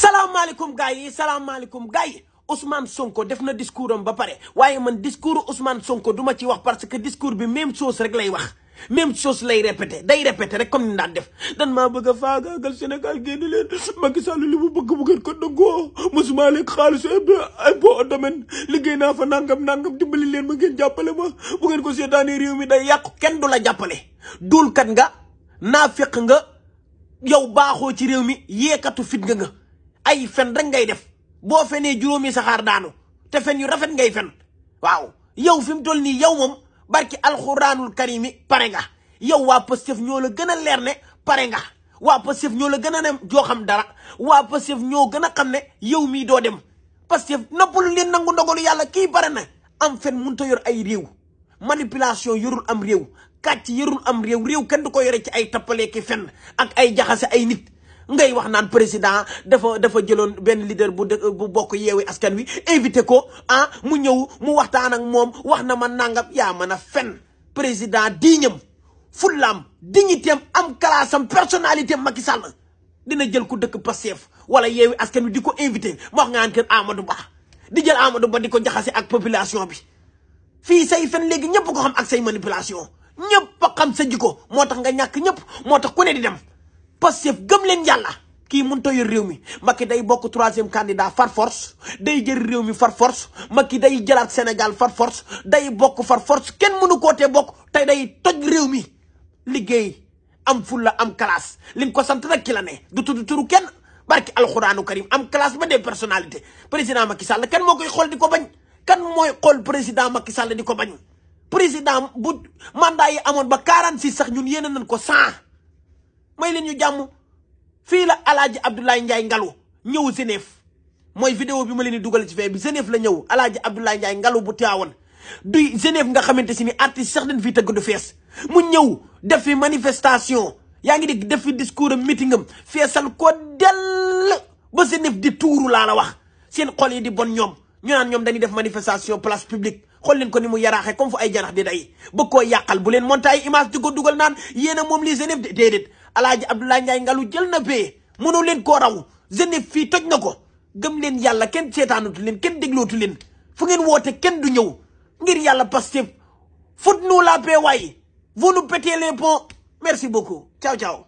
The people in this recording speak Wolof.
salaamaaleykum gars yi salaamaaleykum gars yi Ousmane Sonko def na discours am ba pare waaye man discours usmaan Sonko du ma ci wax parce que discours bi même soos rek lay wax même chose lay répété day répété rek comme ni daan def dan maa bëgg a faagaagal Sénégal génn leen Macky Sall li mu bëgg bu ngeen ko dëggoo mosuma lekk xaalisu impôt domaine liggéey naa fa nangam nangam dimbali leen ma ngeen jàppale ma bu ngeen ko seetaanee réew mi day yàqu kenn du la jàppale duulkat nga naafiq nga yow baaxoo ci réew mi yeekatu fit nga ay fen rek ngay def boo fenee juróomi saxaar daanu te fen yu rafet ngay fen waaw yow fi mu toll nii yow moom barki alxuraanul karimi pare nga yow waa Pastef ñoo la gën a leer ne pare nga waa Pastef ñoo la gën a ne joo xam dara waa Pastef ñoo gën a xam ne yow mii doo dem Pastef noppalu leen nangu ndogalu yàlla kii pare na am fen mënut yor ay réew manipulation yorul am réew kàcc yorul am réew réew kenn du ko yore ci ay tappaleeki fen ak ay jaxase ay nit ngay wax naan président dafa dafa jëloon benn leader bu bu bokk yeewi askan wi invité ko ah mu ñëw mu waxtaan ak moom wax na ma nangam yaa mën a fen président diiñam fullaam dignitéem am kalaasam personnalité Macky Sall dina jël ku dëkk Pastef wala yeewi askan wi di ko invité ma wax ngaan kër Amadou Ba di jël Amadou Ba di ko jaxase ak population bi fii say fen léegi ñëpp ko xam ak say manipulation ñëpp a xam sa ko moo tax nga ñàkk ñëpp moo tax ku Pastef gëm leen yàlla ki mënut a yor réew mi Macky day bokk troisième candidat far force day jël réew mi far force Macky day jëlaat Sénégal far force day bokk far force kenn mënu koo tee bokk tey day toj réew mi liggéey am fulla am classe lim ko sant nag ki la ne du tudd turu kenn barki alxuraanu karim am classe ba dee personalité président Macky salla kenn moo koy xool di ko bañ kan mooy xool président Macky salla di ko bañ président bu mandat yi amoon ba 46 sax ñun yéene nañ ko 100. may leen ñu jàmm fii la alaaji Abdoulaye Ndiaye Ngalu ñëw Genève mooy vidéo bi ma leen di dugal ci fee bi Genève la ñëw alaaji Abdoulaye Ndiaye Ngalu bu teewoon du Genève nga xamante si ni artiste sax dañ fii tëgg du fees mu ñëw def fi manifestation yaa ngi dégg def fi discours am meeting am feesal ko dell ba Genève di tuuru laa la wax seen xol yi di bon ñoom ñu naan ñoom dañuy def manifestation place publique xool leen ko ni mu yaraaxee comme fu ay janax di koo bu leen monté ay dugal naan yéen moom lii Genève déedéet alaaji Abdoulaye Ndiaye ngalu jël na bee mënoo leen koo raw Genève fii toj na ko gëm leen yàlla kenn seetaanatu leen kenn déglootu leen fu ngeen woote kenn du ñëw ngir yàlla Pastef fut nous la paix waaye vous nous pétez les ponts merci beaucoup ciao ciao